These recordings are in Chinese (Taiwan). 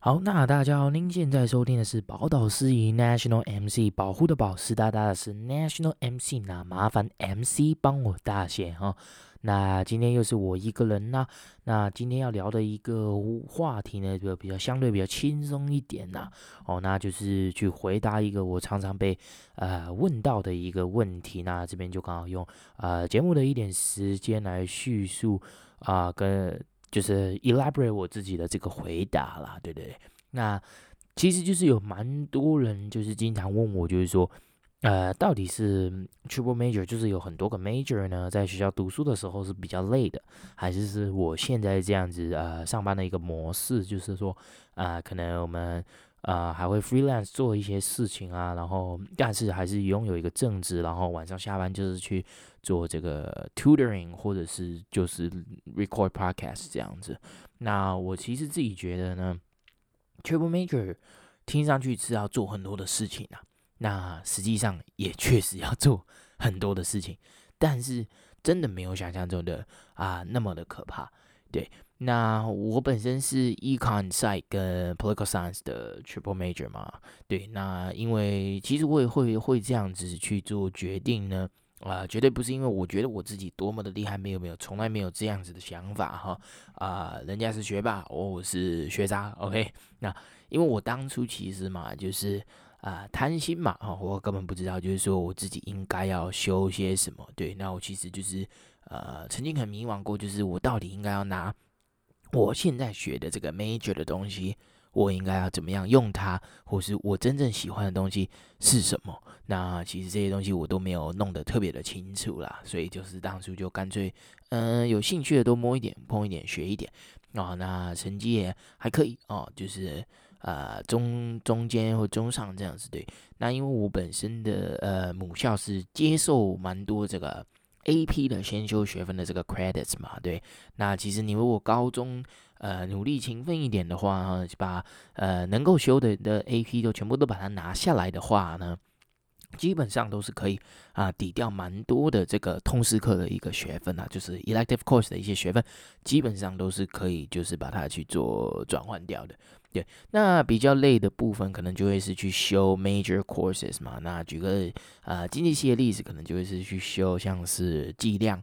好，那大家好，您現在收聽的是寶島司儀 National MC 保護的寶，是大大的是 National MC 呢？麻煩 MC 幫我大寫哈、哦。那今天又是我一個人呢、啊。那今天要聊的一個話題呢，就比較相對比較輕鬆一點啦、啊。哦，那就是去回答一個我常常被呃問到的一個問題。那這邊就剛好用呃節目的一點時間來敘述啊、呃，跟。就是 elaborate 我自己的這個回答啦，對不對，對？那其實就是有蠻多人就是經常問我，就是說，呃，到底是 triple major 就是有很多個 major 呢，在學校讀書的時候是比較累的，還是是我現在這樣子呃上班的一個模式，就是說，啊、呃，可能我們。啊、呃，還會 freelance 做一些事情啊，然後但是還是擁有一個正職，然後晚上下班就是去做這個 tutoring，或者是就是 record podcast 這樣子。那我其實自己覺得呢，triple major 聽上去是要做很多的事情啊，那實際上也確實要做很多的事情，但是真的沒有想象中的啊、呃、那麼的可怕，對。那我本身是 econ、psych 跟 political science 的 triple major 嘛，對，那因為其實我也會會這樣子去做決定呢，啊、呃，絕對不是因為我覺得我自己多麼的厲害，沒有沒有，從來沒有這樣子的想法哈，啊、呃，人家是學霸，我是學渣，OK，那因為我當初其實嘛，就是啊貪、呃、心嘛，哈，我根本不知道，就是說我自己應該要修些什麼，對，那我其實就是呃曾經很迷茫過，就是我到底應該要拿。我現在學的這個 major 的東西，我應該要怎麼樣用它，或是我真正喜歡的東西是什麼？那其實這些東西我都沒有弄得特別的清楚啦，所以就是當初就乾脆，嗯、呃，有興趣的多摸一點、碰一點、學一點啊、哦。那成績也還可以哦，就是呃中中間或中上這樣子，對。那因為我本身的呃母校是接受蠻多這個。AP 的先修學分的這個 credits 嘛，對，那其實你如果高中呃努力勤奮一點的話，把呃能夠修的的 AP 都全部都把它拿下來的話呢，基本上都是可以啊，抵掉蠻多的這個通識課的一個學分啊，就是 elective course 的一些學分，基本上都是可以，就是把它去做轉換掉的。對，那比較累的部分，可能就會是去修 major courses 嘛。那舉個啊，呃，經濟系的例子，可能就會是去修像是計量。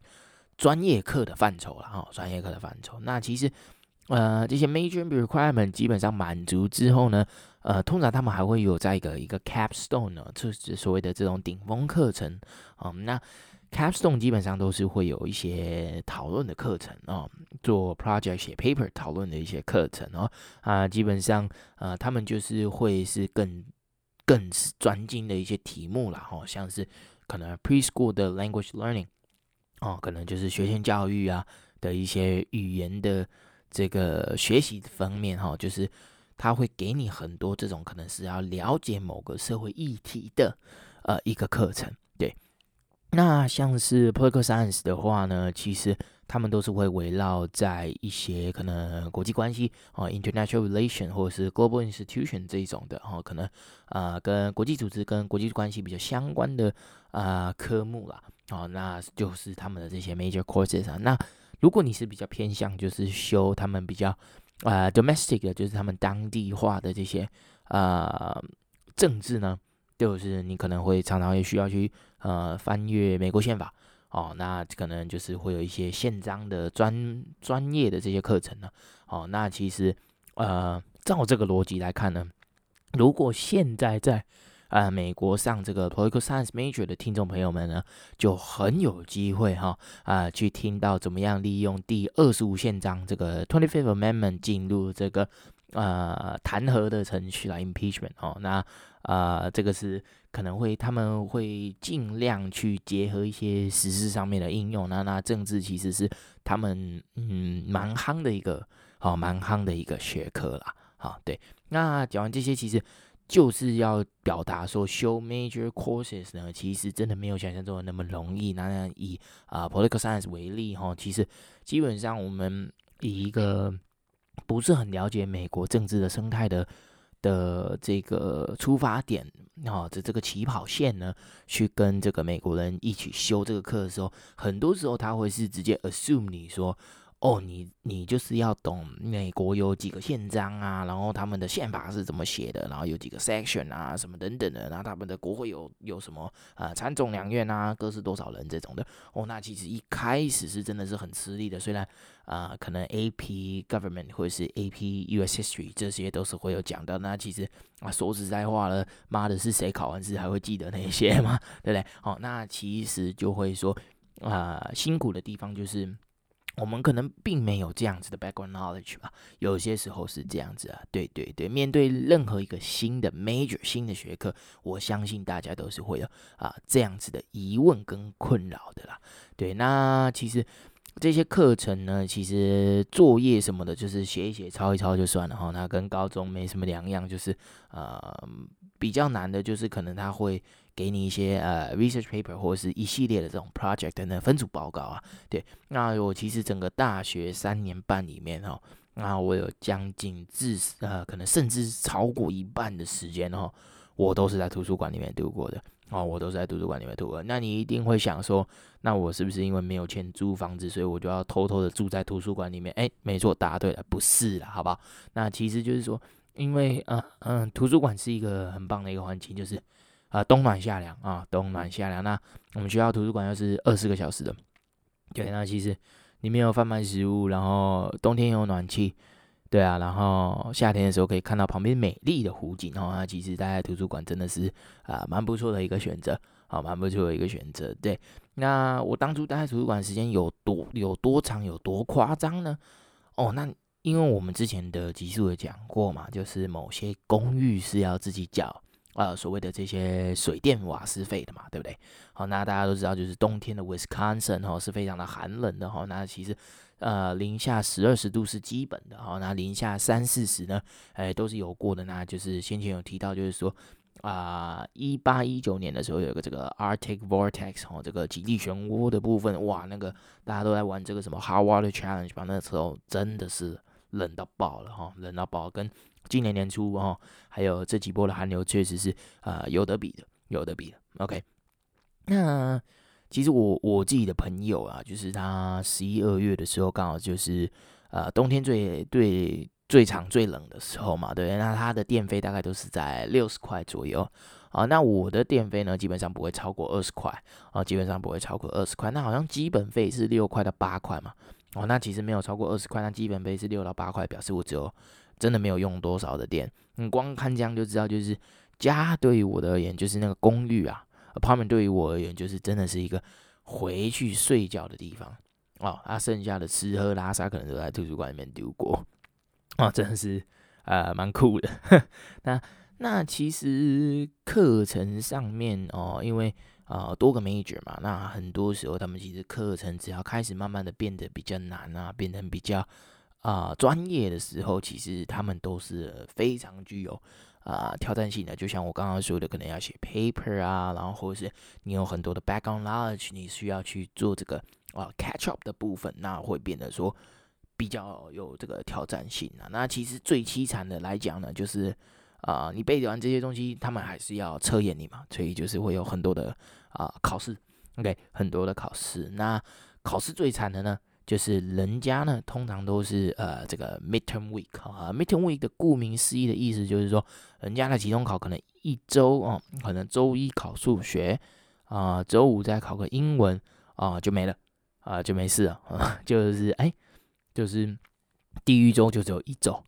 專業課的範疇了哈，哦、專業課的範疇。那其實，呃，這些 major requirement 基本上滿足之後呢，呃，通常他們還會有在一個一個 capstone 呢、哦，就是所謂的這種頂峰課程啊、哦。那 capstone 基本上都是會有一些討論的課程啊、哦，做 project 寫 paper 討論的一些課程哦。啊，基本上呃，他們就是會是更更專精的一些題目啦，哈、哦，像是可能 preschool 的 language learning。哦，可能就是學前教育啊的一些語言的這個學習方面哈，就是他會給你很多這種可能是要了解某個社會議題的呃一個課程。對，那像是 political science 的話呢，其實。他們都是會圍繞在一些可能國際關係啊、哦、international relation 或者是 global institution 這一種的哦，可能啊、呃、跟國際組織跟國際關係比較相關的啊、呃、科目啦。哦，那就是他們的這些 major courses 啊。那如果你是比較偏向就是修他們比較啊、呃、domestic 的，就是他們當地化的這些啊、呃、政治呢，就是你可能會常常也需要去呃翻閱美國憲法。哦，那可能就是會有一些憲章的專專業的這些課程呢。哦，那其實，呃，照這個邏輯來看呢，如果現在在啊、呃、美國上這個 political science major 的聽眾朋友們呢，就很有機會哈啊、哦呃、去聽到怎麼樣利用第二十五憲章這個 Twenty Fifth Amendment 進入這個呃彈劾的程序來 impeachment。哦，那啊、呃、這個是。可能會，他們會盡量去結合一些時事上面的應用。那那政治其實是他們嗯蠻夯的一個，好、哦、蠻夯的一個學科啦。好、哦、對。那講完這些，其實就是要表達說修 major courses 呢，其實真的沒有想象中的那麼容易。那那以啊、呃、political science 為例哈、哦，其實基本上我們以一個不是很了解美國政治的生態的。的這個出發點，好、哦，的這個起跑線呢，去跟這個美國人一起修這個課的時候，很多時候他會是直接 assume 你說。哦，你你就是要懂美國有幾個憲章啊，然後他們的憲法是怎麼寫的，然後有幾個 section 啊，什麼等等的，那他們的國會有有什麼啊，參眾兩院啊，各是多少人這種的哦，那其實一開始是真的是很吃力的，雖然啊、呃、可能 AP government 或者是 AP US History 這些都是會有講到。那其實啊說實在話了，媽的是誰考完試還會記得那些嗎？對不對？好、哦，那其實就會說啊、呃、辛苦的地方就是。我們可能並沒有這樣子的 background knowledge 吧，有些時候是這樣子啊，對對對，面對任何一個新的 major 新的學科，我相信大家都是會有啊這樣子的疑問跟困擾的啦。對，那其實這些課程呢，其實作業什麼的，就是寫一寫、抄一抄就算了哈，那跟高中沒什麼兩樣，就是呃比較難的，就是可能他會。給你一些呃 research paper 或者是一系列的這種 project 的分組報告啊，對，那我其實整個大學三年半裡面哈，那我有將近至呃可能甚至超過一半的時間哦，我都是在圖書館裡面度過的，哦，我都是在圖書館裡面度過的。那你一定會想說，那我是不是因為沒有錢租房子，所以我就要偷偷的住在圖書館裡面？誒、欸，沒錯，答對了，不是啦，好不好？那其實就是說，因為嗯、呃、嗯，圖書館是一個很棒的一個環境，就是。啊、呃，冬暖夏涼啊、哦，冬暖夏涼。那我們學校圖書館又是二十四個小時的，對。那其實裡面有販賣食物，然後冬天有暖氣，對啊。然後夏天的時候可以看到旁邊美麗的湖景哦。那其實待在圖書館真的是啊，蠻不錯的一個選擇，好、哦，蠻不錯的一個選擇。對。那我當初待在圖書館時間有多有多長，有多誇張呢？哦，那因為我們之前的集數也講過嘛，就是某些公寓是要自己繳。呃，所謂的這些水電、瓦斯費的嘛，對不對？好，那大家都知道，就是冬天的 Wisconsin 哦，是非常的寒冷的哈。那其實，呃，零下十、二十度是基本的哈。那零下三四十呢？誒、欸，都是有過的。那就是先前有提到，就是說啊，一八一九年的時候，有個這個 Arctic Vortex 哦，這個極地漩渦的部分，哇，那個大家都在玩這個什麼 Hot Water Challenge 吧？那時候真的是冷到爆了哈，冷到爆，跟。今年年初哦，還有這幾波的寒流，確實是啊、呃，有得比的，有得比的。OK，那其實我我自己的朋友啊，就是他十一二月的時候，剛好就是呃冬天最最最長最冷的時候嘛，對。那他的電費大概都是在六十塊左右啊。那我的電費呢，基本上不會超過二十塊啊，基本上不會超過二十塊。那好像基本費是六塊到八塊嘛，哦、啊，那其實沒有超過二十塊，那基本費是六到八塊，表示我只有。真的沒有用多少的電，你光看這樣就知道，就是家對於我的而言就是那個公寓啊，apartment 對於我而言就是真的是一個回去睡覺的地方哦。那、啊、剩下的吃喝拉撒可能都在圖書館裡面度過，啊、哦，真的是啊蠻、呃、酷的。 那那其實課程上面哦，因為啊、呃、多個 major 嘛，那很多時候他們其實課程只要開始慢慢的變得比較難啊，變得比較。啊，專、呃、業的時候其實他們都是非常具有啊、呃、挑戰性的，就像我剛剛說的，可能要寫 paper 啊，然後或者是你有很多的 background knowledge 你需要去做這個啊、呃、catch up 的部分，那會變得說比較有這個挑戰性啊。那其實最凄慘的來講呢，就是啊、呃、你背完這些東西，他們還是要測驗你嘛，所以就是會有很多的啊、呃、考試，OK，很多的考試。那考試最慘的呢？就是人家呢，通常都是呃，這個 midterm week 啊，midterm week 的顧名思義的意思就是說，人家的期中考可能一周哦、嗯，可能周一考數學，啊、呃，周五再考個英文，啊、呃，就沒了，啊、呃，就沒事了，啊、就是哎，就是地獄周就只有一周，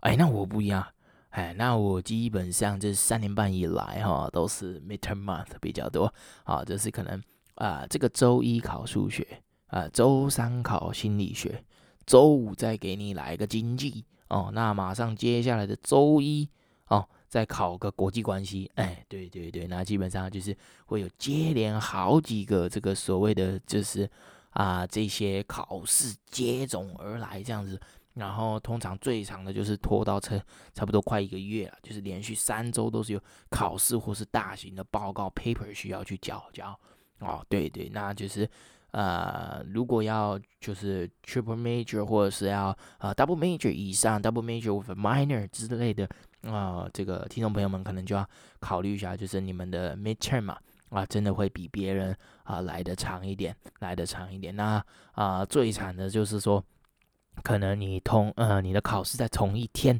哎，那我不一樣，哎，那我基本上這三年半以來哈，都是 midterm month 比較多，啊，就是可能啊，這個周一考數學。啊，周三考心理學，周五再給你來個經濟哦。那馬上接下來的周一哦，再考個國際關係。哎，對對對，那基本上就是會有接連好幾個這個所謂的就是啊，這些考試接踵而來這樣子。然後通常最長的就是拖到差不多快一個月了，就是連續三週都是有考試或是大型的報告 paper 需要去繳交。哦，對，對對，那就是。啊、呃，如果要就是 triple major 或者是要啊、呃、double major 以上 double major with a minor 之類的啊、呃，這個聽眾朋友們可能就要考慮一下，就是你們的 midterm 嘛，啊、呃，真的會比別人啊、呃、來得長一點，來得長一點。那啊、呃、最慘的就是說，可能你同呃你的考試在同一天，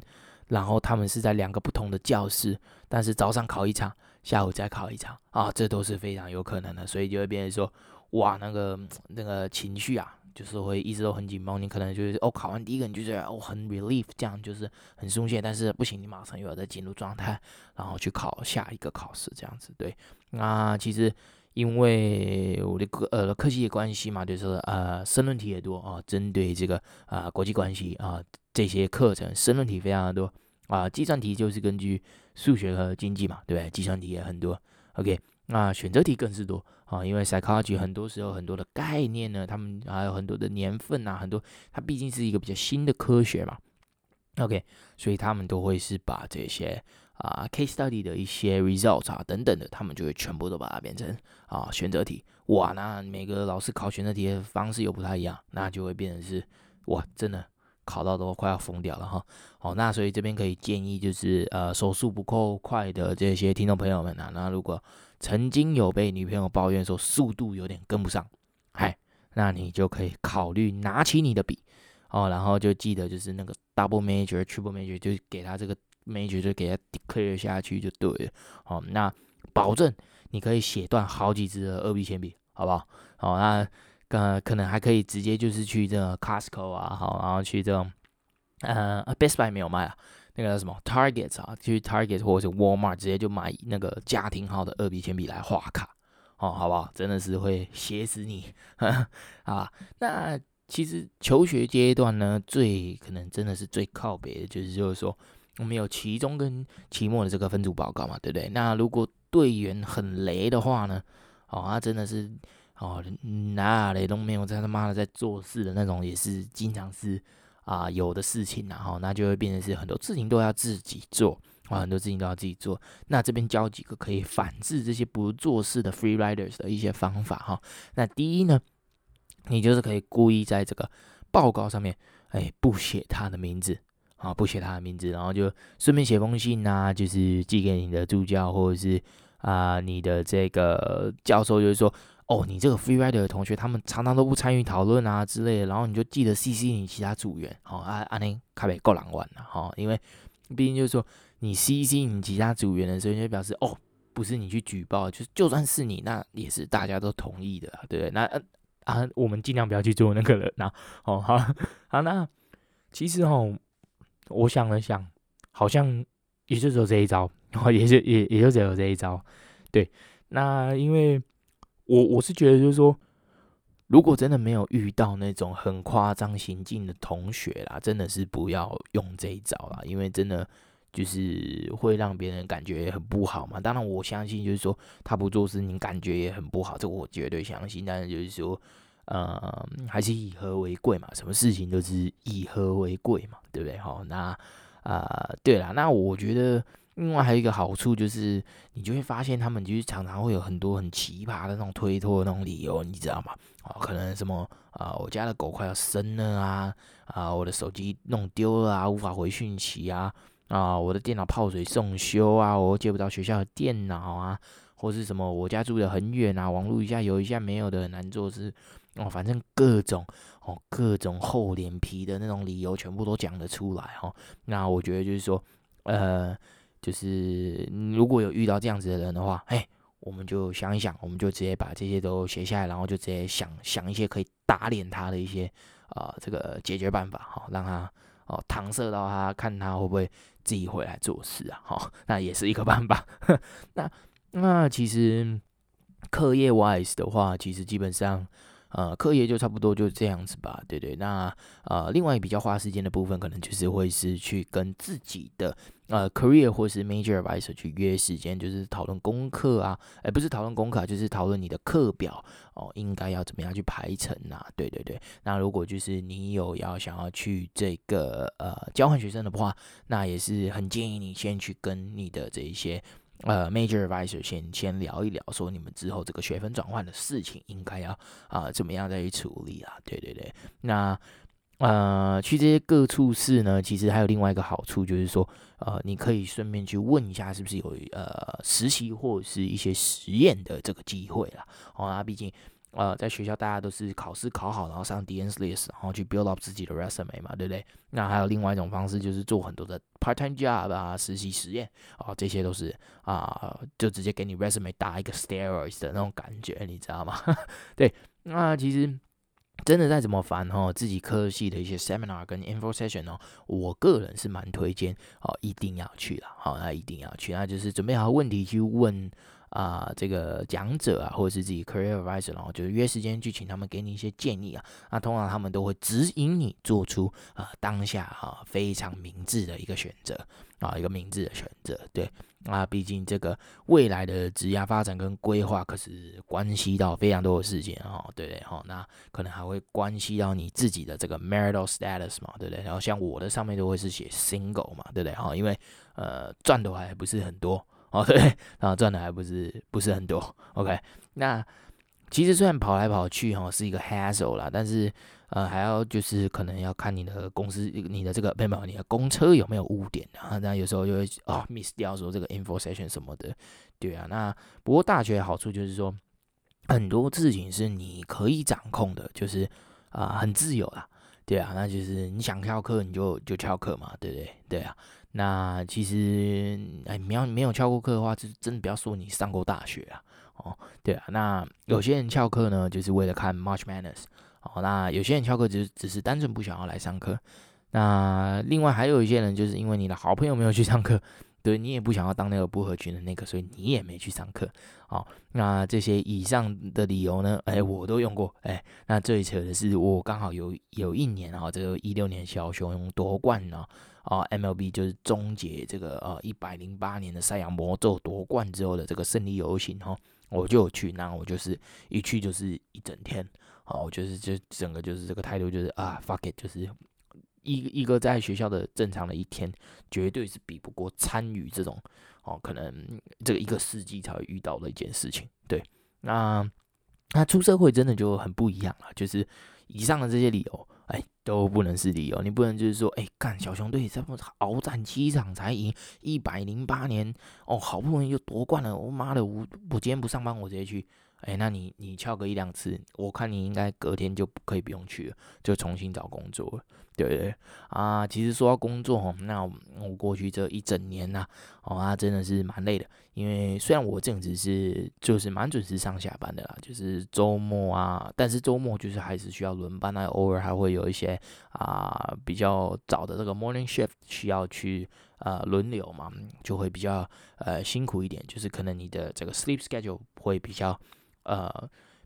然後他們是在兩個不同的教室，但是早上考一場，下午再考一場啊，這都是非常有可能的，所以就會變成說。哇，那個那個情緒啊，就是會一直都很緊繃。你可能就是哦，考完第一個你就覺得哦很 relief，這樣就是很鬆懈。但是不行，你馬上又要再進入狀態，然後去考下一個考試，這樣子對。那其實因為我的呃，科系的關係嘛，就是呃，申論題也多啊，針對這個啊、呃，國際關係啊這些課程，申論題非常的多啊。計算題就是根據數學和經濟嘛，對不對？計算題也很多。OK，那選擇題更是多。啊，因為 psychology 很多時候很多的概念呢，他們還有很多的年份吶、啊，很多，它畢竟是一個比較新的科學嘛。OK，所以他們都會是把這些啊 case study 的一些 results 啊等等的，他們就會全部都把它變成啊選擇題。哇，那每個老師考選擇題的方式又不太一樣，那就會變成是哇真的。考到都快要瘋掉了哈！哦，那所以這邊可以建議就是，呃，手速不夠快的這些聽眾朋友們啊，那如果曾經有被女朋友抱怨說速度有點跟不上，嗨，那你就可以考慮拿起你的筆哦，然後就記得就是那個 double major、triple major，就給他這個 major 就給他 declare 下去就對了。哦，那保證你可以寫斷好幾支的二 B 鉛筆，好不好？好、哦，那。呃，可能還可以直接就是去這 Costco 啊，好，然後去這種呃、啊、Best Buy 沒有賣啊，那個叫什麼 Target 啊，去 Target 或者 Walmart 直接就買那個家庭號的二 B 鉛筆來畫卡哦，好不好？真的是會寫死你啊！那其實求學階段呢，最可能真的是最靠北的，就是就是說我們有期中跟期末的這個分組報告嘛，對不對？那如果隊員很雷的話呢，哦，他真的是。哦，那雷隊友沒有在他媽的在做事的那種也是經常是啊、呃、有的事情，啊，然、哦、後那就會變成是很多事情都要自己做啊，很多事情都要自己做。那這邊教幾個可以反制這些不做事的 free riders 的一些方法哈，哦。那第一呢，你就是可以故意在這個報告上面哎，欸、不寫他的名字啊，哦，不寫他的名字，然後就順便寫封信啊，就是寄給你的助教或者是啊、呃、你的這個教授，就是說。哦，你這個 free rider 的同學，他們常常都不參與討論啊之類的，然後你就記得 cc 你其他組員，好、哦、啊啊，那卡被夠狼玩了哈、哦，因為畢竟就是說你 cc 你其他組員的時候，就表示哦，不是你去舉報，就就算是你，那也是大家都同意的，對不對？那啊啊，我們盡量不要去做那個人，那哦好好。那其實哦，我想了想，好像也就只有這一招，哦，也就也也就只有這一招，對，那因為。我我是覺得就是說，如果真的沒有遇到那種很誇張行徑的同學啦，真的是不要用這一招啦，因為真的就是會讓別人感覺也很不好嘛。當然我相信就是說他不做事，你感覺也很不好，這個，我絕對相信。但是就是說，呃，還是以和為貴嘛，什麼事情都是以和為貴嘛，對不對？好，那啊，呃，對啦。那我覺得。另外還有一個好處就是，你就會發現他們就是常常會有很多很奇葩的那種推脫的那種理由，你知道嗎？啊、哦，可能什麼啊、呃，我家的狗快要生了啊，啊、呃，我的手機弄丟了啊，無法回訊息啊，啊、呃，我的電腦泡水送修啊，我借不到學校的電腦啊，或是什麼我家住得很遠啊，網絡一下有，一下沒有的，很難做事，哦，反正各種哦，各種厚臉皮的那種理由全部都講得出來哦。那我覺得就是說，呃。就是如果有遇到這樣子的人的話，哎、欸，我們就想一想，我們就直接把這些都寫下來，然後就直接想想一些可以打臉他的一些啊、呃、這個解決辦法哈、哦，讓他哦搪塞到他，看他會不會自己回來做事啊好、哦，那也是一個辦法。那那其實課業 wise 的話，其實基本上。呃，課業就差不多就這樣子吧，對對。那呃，另外比較花時間的部分，可能就是會是去跟自己的呃，career 或是 major advisor 去約時間，就是討論功課啊，哎、欸，不是討論功課啊，就是討論你的課表哦，應該要怎麼樣去排程啊。對對對。那如果就是你有要想要去這個呃交換學生的話，那也是很建議你先去跟你的這一些。呃，major advisor 先先聊一聊，說你們之後這個學分轉換的事情應該要啊、呃、怎麼樣再去處理啊？對對對，那呃去這些各處室呢，其實還有另外一個好處就是說，呃，你可以順便去問一下，是不是有呃實習或者是一些實驗的這個機會啦。哦啊，畢竟。呃，在學校大家都是考試考好，然後上 Dean's List，然後去 build up 自己的 resume 嘛，對不對？那還有另外一種方式，就是做很多的 part-time job 啊、實習、實驗啊，這些都是啊、呃，就直接給你 resume 打一個 steroids 的那種感覺，你知道嗎？ 對，那、呃、其實真的再怎麼煩哦，自己科系的一些 seminar 跟 info session 哦，我個人是蠻推薦哦，一定要去的，好、哦，那一定要去，那就是準備好問題去問。啊、呃，這個講者啊，或者是自己 career advisor，然後就是約時間去請他們給你一些建議啊。那、啊、通常他們都會指引你做出啊、呃、當下哈、啊、非常明智的一個選擇啊，一個明智的選擇。對，那、啊、畢竟這個未來的職業發展跟規劃可是關係到非常多的事件哈，對不對哈？那可能還會關係到你自己的這個 marital status 嘛，對不對？然後像我的上面都會是寫 single 嘛，對不對哈？因為呃賺的還不是很多。哦對，然後賺的還不是不是很多，OK。那其實雖然跑來跑去哈、哦、是一個 hassle 啦，但是呃還要就是可能要看你的公司你的這個沒有你的公車有沒有誤點，啊。那有時候就會哦 miss 掉說這個 information 什麼的，對啊。那不過大學好處就是說很多事情是你可以掌控的，就是啊、呃、很自由啦，對啊。那就是你想翹課你就就翹課嘛，對不對，對？對啊。那其實，哎，沒有沒有翹過課的話，就真的不要說你上過大學啊，哦，對啊。那有些人翹課呢，就是為了看《March Madness》哦。那有些人翹課只，只只是單純不想要來上課。那另外還有一些人，就是因為你的好朋友沒有去上課，對你也不想要當那個不合群的那個，所以你也沒去上課。哦，那這些以上的理由呢，哎，我都用過。哎，那最扯的是，我剛好有有一年啊，這個一六年小熊奪冠呢。哦啊、哦、MLB 就是終結這個呃一百零八年的山羊魔咒奪冠之後的這個勝利遊行哈、哦，我就有去，那我就是一去就是一整天，好、哦，我就是就整個就是這個態度就是啊 fuck it，就是一一個在學校的正常的一天，絕對是比不過參與這種哦，可能這個一個世紀才會遇到的一件事情，對，那那出社會真的就很不一樣了，就是以上的這些理由。哎，都不能是理由。你不能就是說，哎，幹小熊隊這麼鏖戰七場才贏一百零八年，哦，好不容易就奪冠了。我、哦、媽的，我我今天不上班，我直接去。哎，那你你翹個一兩次，我看你應該隔天就可以不用去了，就重新找工作了，對不對，對？啊，其實說到工作，那我過去這一整年吶、啊，哦啊，真的是蠻累的。因為雖然我這樣子是就是蠻準時上下班的啦，就是周末啊，但是周末就是還是需要輪班啊，偶爾還會有一些啊、呃、比較早的這個 morning shift 需要去啊、呃、輪流嘛，就會比較呃辛苦一點，就是可能你的這個 sleep schedule 會比較呃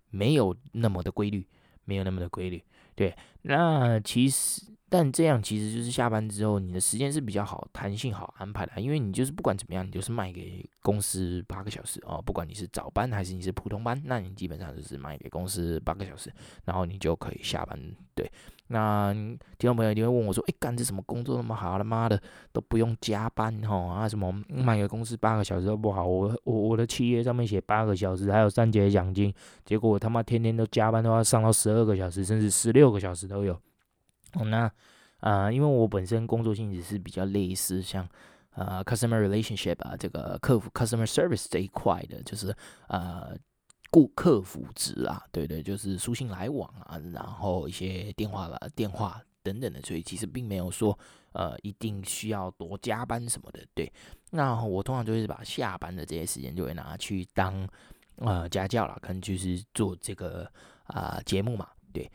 沒有那麼的規律，沒有那麼的規律。對，那其實。但這樣其實就是下班之後，你的時間是比較好、彈性好安排的，因為你就是不管怎麼樣，你就是賣給公司八個小時哦。不管你是早班還是你是普通班，那你基本上就是賣給公司八個小時，然後你就可以下班。對，那聽眾朋友一定會問我說：“哎、欸，幹這什麼工作那麼好，他媽的，的都不用加班哦。啊？什麼賣給公司八個小時都不好？我我我的契約上面寫八個小時，還有三節獎金，結果我他媽天天都加班，的話，上到十二個小時，甚至十六個小時都有。”哦、那啊、呃，因為我本身工作性質是比較類似像啊、呃、，customer relationship 啊，這個客服、customer service 這一塊的，就是呃，顧客服職啊，對對，就是書信來往啊，然後一些電話啦、電話等等的，所以其實並沒有說呃，一定需要多加班什麼的，對。那我通常就是把下班的這些時間就會拿去當呃家教啦，可能就是做這個啊、呃、節目嘛，對。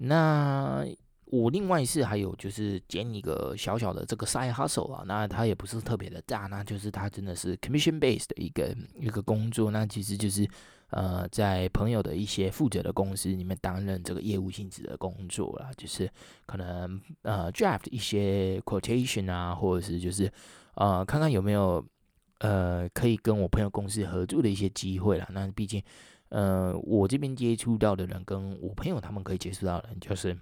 那我另外是還有就是接一個小小的這個 side hustle 啊，那他也不是特別的大，那就是他真的是 commission based 的一個一個工作，那其實就是呃在朋友的一些負責的公司裡面擔任這個業務性質的工作啦，就是可能呃 draft 一些 quotation 啊，或者是就是呃看看有沒有呃可以跟我朋友公司合作的一些機會啦。那畢竟呃我這邊接觸到的人跟我朋友他們可以接觸到的人就是。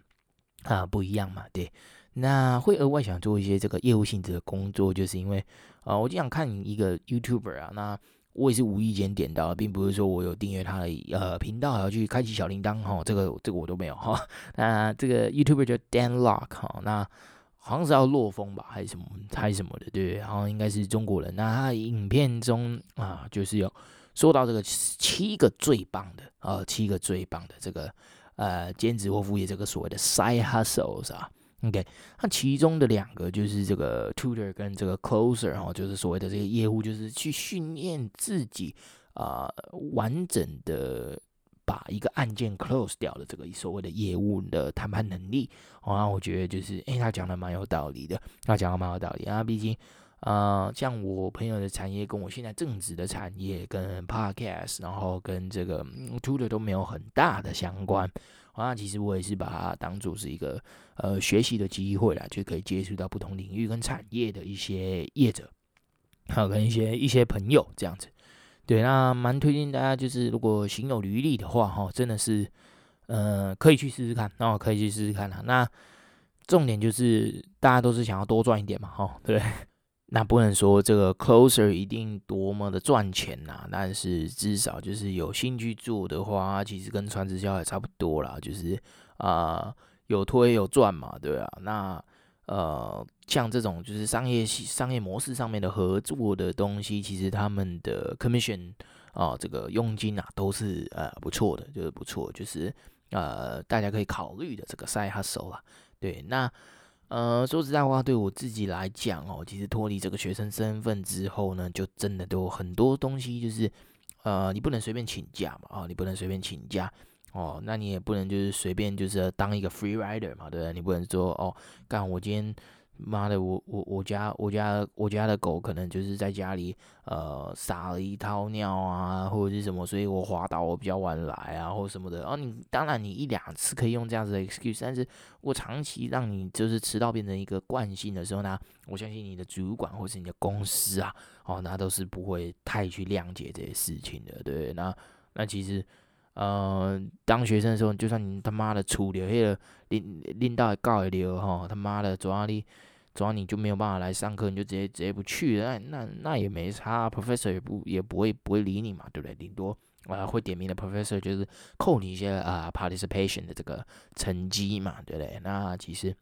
啊，不一樣嘛，對。那會額外想做一些這個業務性質的工作，就是因為啊、呃，我經常看一個 YouTuber 啊，那我也是無意間點到的，並不是說我有訂閱他的呃頻道，還要去開啟小鈴鐺哈，這個這個我都沒有哈。那這個 YouTuber 叫 Dan Lock 哈，那好像是要落風吧，還是什麼，還是什麼的，對，好、啊、像應該是中國人。那他影片中啊，就是有說到這個七個最棒的啊、呃，七個最棒的這個。呃，兼職或副業這個所謂的 side hustles 啊，OK，那其中的兩個就是這個 tutor 跟這個 closer，然、哦、就是所謂的這個業務，就是去訓練自己啊、呃，完整的把一個案件 close 掉的這個所謂的業務的談判能力。然、哦啊、我覺得就是，誒、欸，他講的蠻有道理的，他講的蠻有道理啊，畢竟。呃，像我朋友的產業跟我現在正職的產業跟 podcast，然後跟這個 tutor 都沒有很大的相關。那、啊、其實我也是把它當做是一個呃學習的機會啦，就可以接觸到不同領域跟產業的一些業者，還、啊、有跟一些一些朋友這樣子。對，那蠻推薦大家，就是如果行有餘力的話，哈，真的是呃可以去試試看，那可以去試試看啦、啊。那重點就是大家都是想要多賺一點嘛，哈，對。那不能說這個 closer 一定多麼的賺錢吶、啊，但是至少就是有興趣做的話，其實跟傳直銷也差不多啦，就是啊、呃、有推有賺嘛，對啊。那呃像這種就是商業商業模式上面的合作的東西，其實他們的 commission 啊、呃、這個佣金啊都是呃不錯的，就是不錯，就是呃大家可以考慮的這個 side hustle 啊，對，那。呃，說實在話，對我自己來講哦，其實脫離這個學生身份之後呢，就真的都很多東西就是，呃，你不能隨便請假嘛，啊、哦，你不能隨便請假，哦，那你也不能就是隨便就是當一個 free rider 嘛，對不對？你不能說哦，幹我今天。媽的，我我我家我家我家的狗可能就是在家裡呃撒了一泡尿啊，或者是什麼，所以我滑倒我比較晚來啊，或什麼的。然後，哦，你當然你一兩次可以用這樣子的 excuse，但是我長期讓你就是遲到變成一個慣性的時候呢，我相信你的主管或是你的公司啊，哦，那都是不會太去諒解這些事情的，對對？那那其實。呃，當學生的時候，就算你他媽的出溜，迄、那個領拎到會搞會溜吼，他媽的，抓要你只你就沒有辦法來上課，你就直接直接不去，那那那也沒差，professor 也不也不會不會理你嘛，對不對？頂多啊、呃、會點名的 professor 就是扣你一些啊、呃、participation 的這個成績嘛，對不對？那其實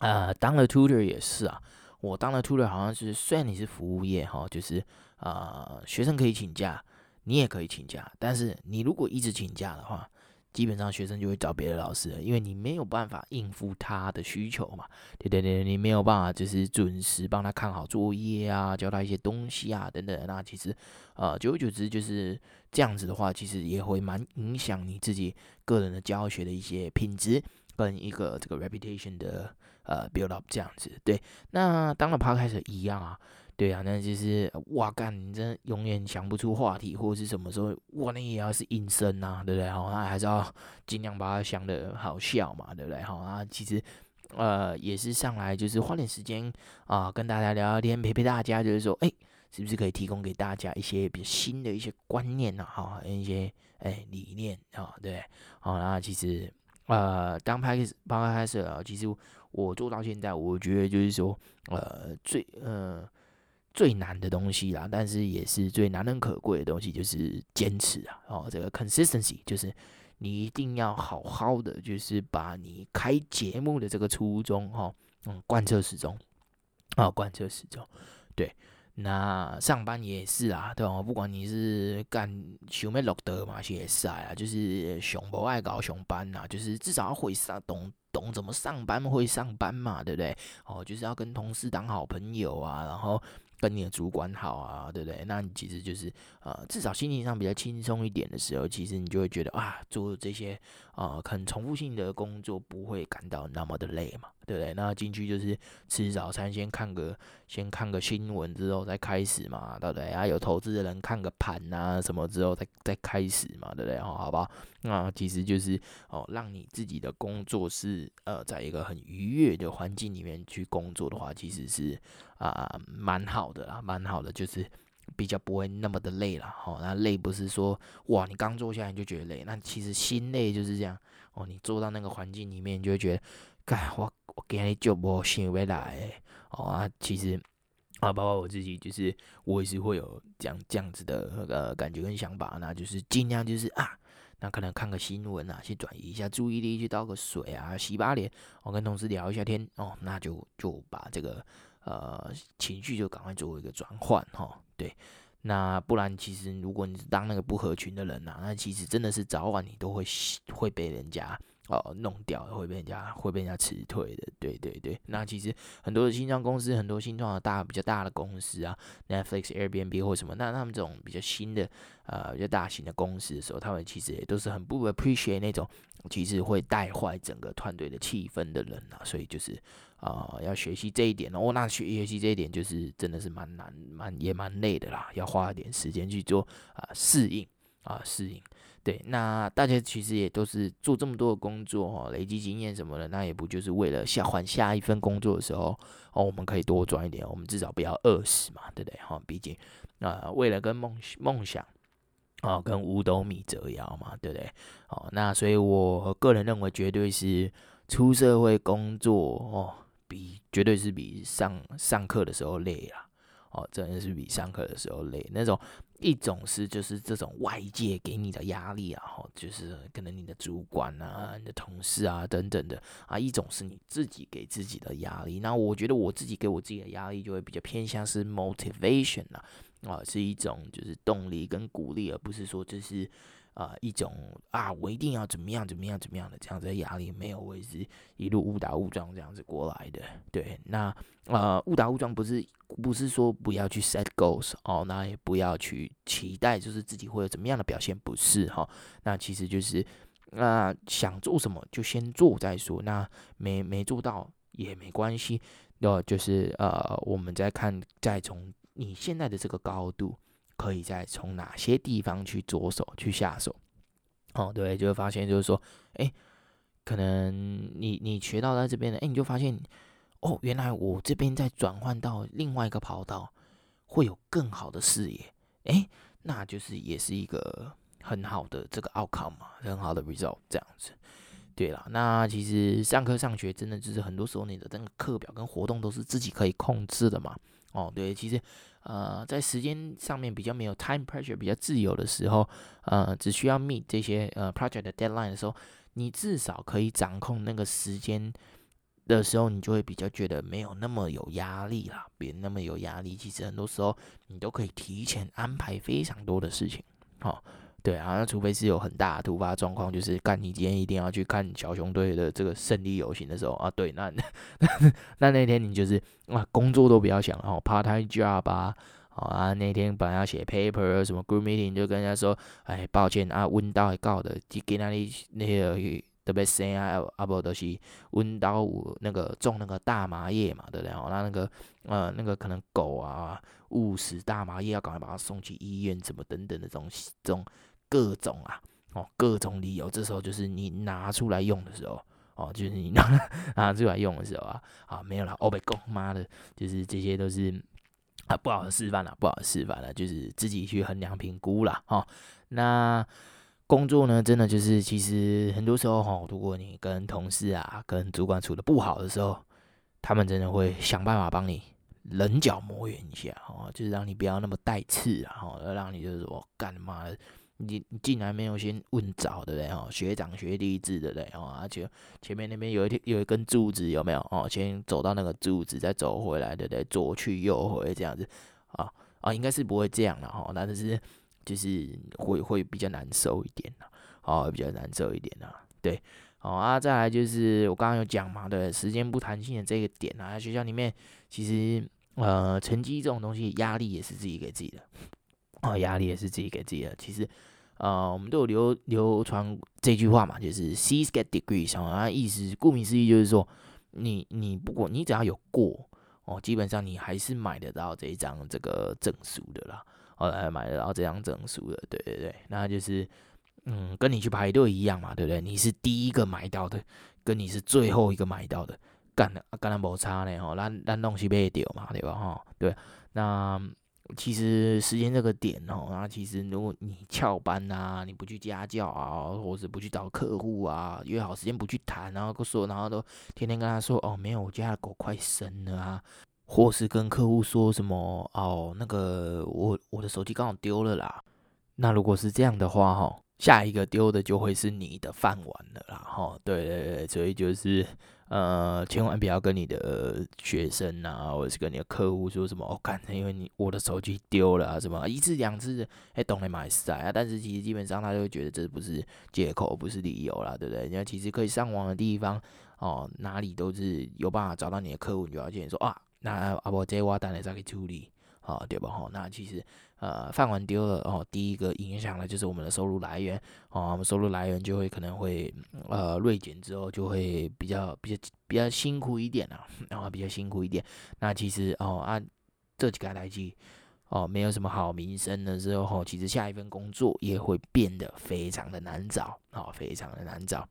啊、呃，當了 tutor 也是啊，我當了 tutor 好像、就是，算你是服務業哈、哦，就是啊、呃，學生可以請假。你也可以請假，但是你如果一直請假的話，基本上學生就會找別的老師了，因為你沒有辦法應付他的需求嘛。對對對，你沒有辦法就是準時幫他看好作業啊，教他一些東西啊等等。那其實，呃，久而久之就是這樣子的話，其實也會蠻影響你自己個人的教學的一些品質跟一個這個 reputation 的呃 build up 這樣子。對，那當了 parker 一樣啊。對啊，那就是哇幹，你真的永遠想不出話題或者是什麼時候我呢也要是應聲吶，對不對？好，那還是要盡量把它想得好笑嘛，對不對？好啊，其實，呃，也是上來就是花點時間啊、呃，跟大家聊聊天，陪陪大家，就是說，哎，是不是可以提供給大家一些比較新的一些觀念吶、啊？哈、哦，一些哎理念啊、哦，對，好啦、哦、其實，呃，剛拍開始，剛剛開始啊，其實我做到現在，我覺得就是說，呃，最，呃。最難的東西啦，但是也是最難能可貴的東西，就是堅持啊！哦，這個 consistency 就是你一定要好好的，就是把你開節目的這個初衷，哦，嗯，貫徹始終，啊、哦，貫徹始終。對，那上班也是啊，對哦，不管你是幹熊咩落袋嘛，也是啊，就是熊不愛搞熊班吶，就是至少要會上懂懂怎麼上班，會上班嘛，對不對？哦，就是要跟同事當好朋友啊，然後。跟你的主管好啊，對不對？那你其實就是，呃，至少心情上比較輕鬆一點的時候，其實你就會覺得啊，做這些啊，呃，可能重複性的工作不會感到那麼的累嘛。對不對？那進去就是吃早餐先，先看個先看個新聞，之後再開始嘛，對不對？啊，有投資的人看個盤啊什麼之後再再開始嘛，對不對？哦，好不好？那其實就是哦，讓你自己的工作是呃，在一個很愉悅的環境裡面去工作的話，其實是啊，呃，蠻好的啦，蠻好的，就是比較不會那麼的累啦。哦，那累不是說哇，你剛坐下來你就覺得累，那其實心累就是這樣。哦，你坐到那個環境裡面，你就會覺得。哎，我我今天就沒想要來，哦啊，其實啊，包括我自己，就是我也是會有這樣這樣子的那個、呃、感覺跟想法，那就是盡量就是啊，那可能看個新聞啊，去轉移一下注意力，去倒個水啊，洗把臉，我、哦、跟同事聊一下天，哦，那就就把這個呃情緒就趕快做為一個轉換，吼、哦，對，那不然其實如果你是當那個不合群的人吶、啊，那其實真的是早晚你都會會被人家。哦，弄掉了會被人家，會被人家辭退的，對對對。那其實很多的新創公司，很多新創的大比較大的公司啊，Netflix、Airbnb 或什麼，那他們這種比較新的呃比較大型的公司的時候，他們其實也都是很不 appreciate 那種其實會帶壞整個團隊的氣氛的人啊。所以就是啊、呃，要學習這一點哦。那學學習這一點就是真的是蠻難蠻也蠻累的啦，要花一點時間去做啊適應啊適應。呃適應對，那大家其實也都是做這麼多的工作，累積經驗什麼的，那也不就是為了下換下一份工作的時候哦，我們可以多賺一點，我們至少不要餓死嘛，對不對？哈、哦，畢竟啊、呃，為了跟夢夢想啊、哦，跟五斗米折腰嘛，對不對？哦，那所以我個人認為，絕對是出社會工作哦，比絕對是比上上課的時候累啦、啊，哦，真的是比上課的時候累那種。一種是就是這種外界給你的壓力啊，就是可能你的主管啊、你的同事啊等等的啊，一種是你自己給自己的壓力。那我覺得我自己給我自己的壓力，就會比較偏向是 motivation 啊，啊，是一種就是動力跟鼓勵，而不是說就是。啊、呃，一種啊，我一定要怎麼樣，怎麼樣，怎麼樣的這樣子的壓力，沒有，我是一路誤打誤撞這樣子過來的。對，那呃，誤打誤撞不是不是說不要去 set goals 哦，那也不要去期待，就是自己會有怎麼樣的表現，不是哈、哦？那其實就是那、呃、想做什麼就先做再說，那沒沒做到也沒關係，那、哦、就是呃，我們再看，再從你現在的這個高度。可以再從哪些地方去着手去下手？哦，對，就會發現就是說，哎，可能你你學到在這邊了，哎，你就發現哦，原來我這邊在轉換到另外一個跑道，會有更好的視野，哎，那就是也是一個很好的這個 outcome，很好的 result，這樣子。對啦，那其實上課上學真的就是很多時候你的那個課表跟活動都是自己可以控制的嘛。哦，對，其實。呃，在時間上面比較沒有 time pressure，比較自由的時候，呃，只需要 meet 這些呃 project 的 deadline 的時候，你至少可以掌控那個時間的時候，你就會比較覺得沒有那麼有壓力啦，別那麼有壓力。其實很多時候，你都可以提前安排非常多的事情，哦對啊，那除非是有很大的突發狀況，就是看你今天一定要去看小熊隊的這個勝利遊行的時候啊，對，那那那，那那天你就是啊工作都不要想，哦、喔、，part time job 啊、喔，啊，那天本來要寫 paper，什麼 group meeting 就跟人家說，哎，抱歉啊，window 會搞的，去給那裡那些特別生啊，啊不，就是 window 有那個種那個大麻葉嘛，對然後、喔、那那個呃那個可能狗啊誤食大麻葉要趕快把它送去醫院，什麼等等那種種。各種啊，哦，各種理由。這時候就是你拿出來用的時候，哦，就是你拿，拿出來用的時候啊，啊，沒有了。O，B，公媽的，就是這些都是啊，不好的示範了、啊，不好的示範了、啊，就是自己去衡量評估了、哦、那工作呢，真的就是其實很多時候哈、哦，如果你跟同事啊、跟主管處得不好的時候，他們真的會想辦法幫你稜角磨圓一下，哦，就是讓你不要那麼帶刺啊，然後、哦、要讓你就是說幹嘛。的、的。你你竟然沒有先問早，的嘞，哦，學長學弟制的嘞，哦、啊，而且前面那邊有一有一根柱子，有沒有哦？先走到那個柱子，再走回來，對不對？左去右回這樣子，啊啊，應該是不會這樣了、啊、哈。那只是就是會會比較難受一點的、啊，哦、啊，比較難受一點的、啊，對。好啊，再來就是我剛剛有講嘛，對，時間不彈性的這個點啊，學校裡面其實呃成績這種東西，壓力也是自己給自己的，哦、啊，壓力也是自己給自己的，其實。啊、呃，我們都有流流傳這句話嘛，就是 Cs get degrees"，、哦、意思顧名思義就是說，你你不過，你只要有過哦，基本上你還是買得到這一張這個證書的啦，哦，還、呃、買得到這張證書的，對對對，那就是嗯，跟你去排隊一樣嘛，對不對？你是第一個買到的，跟你是最後一個買到的，干、啊、干的沒差呢哦，咱咱東西別丟嘛，對吧哈、哦？對，那。其實時間這個點哦，然後其實如果你翹班吶、啊，你不去家教啊，或是不去找客戶啊，約好時間不去談，然後不說，然後都天天跟他說哦，沒有，我家的狗快生了啊，或是跟客戶說什麼哦，那個我我的手機剛好丟了啦，那如果是這樣的話哈，下一個丟的就會是你的飯碗了啦，哈，對對對，所以就是。呃，千萬不要跟你的、呃、學生啊，或者是跟你的客戶說什麼“哦，剛才因為你我的手機丟了啊，什麼一次兩次，哎，都沒買曬啊。”但是其實基本上他就會覺得這不是借口，不是理由啦，對不對？人家其實可以上網的地方，哦，哪裡都是有辦法找到你的客戶，你就要去說啊，那啊，不然這我等下再去處理，好、哦、對吧、哦，那其實。呃，飯碗丟了哦，第一個影響的就是我們的收入來源哦，我們收入來源就會可能會呃銳減，之後就會比較比較比較辛苦一點了，啊，然，哦、後比較辛苦一點。那其實哦按這幾個來講哦，沒有什麼好名聲的時候，哦，其實下一份工作也會變得非常的難找哦，非常的難找。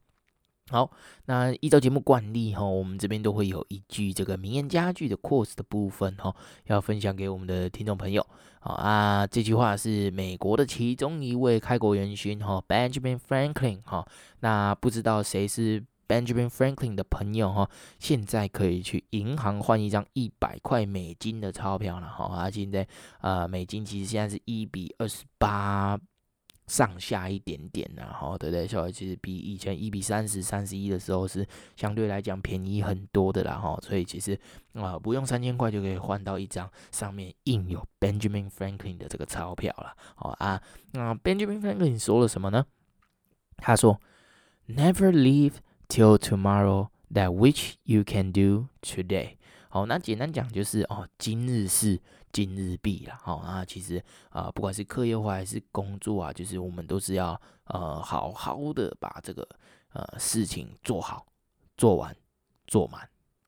好，那依照節目慣例哈，我們這邊都會有一句這個名言佳句的 quotes 的部分哈，要分享給我們的聽眾朋友。好啊，這句話是美國的其中一位開國元勳哈，Benjamin Franklin 哈、啊。那不知道誰是 Benjamin Franklin 的朋友哈，現在可以去銀行換一張一百塊美金的鈔票了哈。啊，現在啊、呃，美金其實現在是一比二十八。上下一點點，然後對不對？所以其實比以前一比三十、三十一的時候是相對來講便宜很多的啦，哈。所以其實啊，不用三千塊就可以換到一張上面印有 Benjamin Franklin 的這個鈔票了，好啊。那 Benjamin Franklin 說了什麼呢？他說：Never leave till tomorrow that which you can do today。好，那簡單講就是哦，今日事今日畢啦。好、哦、那、啊、其實啊、呃，不管是課業化還是工作啊，就是我們都是要呃，好好的把這個呃事情做好、做完、做滿，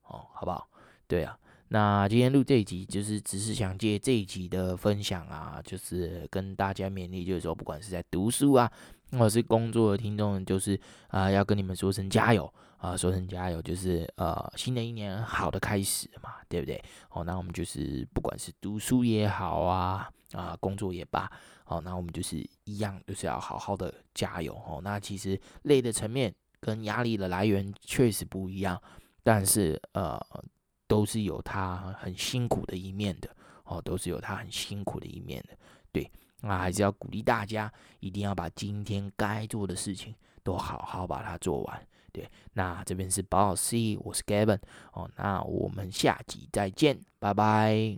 哦，好不好？對啊，那今天錄這一集，就是只是想借這一集的分享啊，就是跟大家勉勵，就是說，不管是在讀書啊。我是工作的聽眾，就是啊、呃，要跟你們說聲加油啊、呃，說聲加油，就是呃，新的一年好的開始嘛，對不對？哦，那我們就是不管是讀書也好啊，啊、呃，工作也罷，哦，那我們就是一樣，就是要好好的加油哦。那其實累的層面跟壓力的來源確實不一樣，但是呃，都是有它很辛苦的一面的哦，都是有它很辛苦的一面的，對。那還是要鼓勵大家，一定要把今天該做的事情都好好把它做完。對，那這邊是 Bossy C，我是 Gavin 哦，那我們下集再見，拜拜。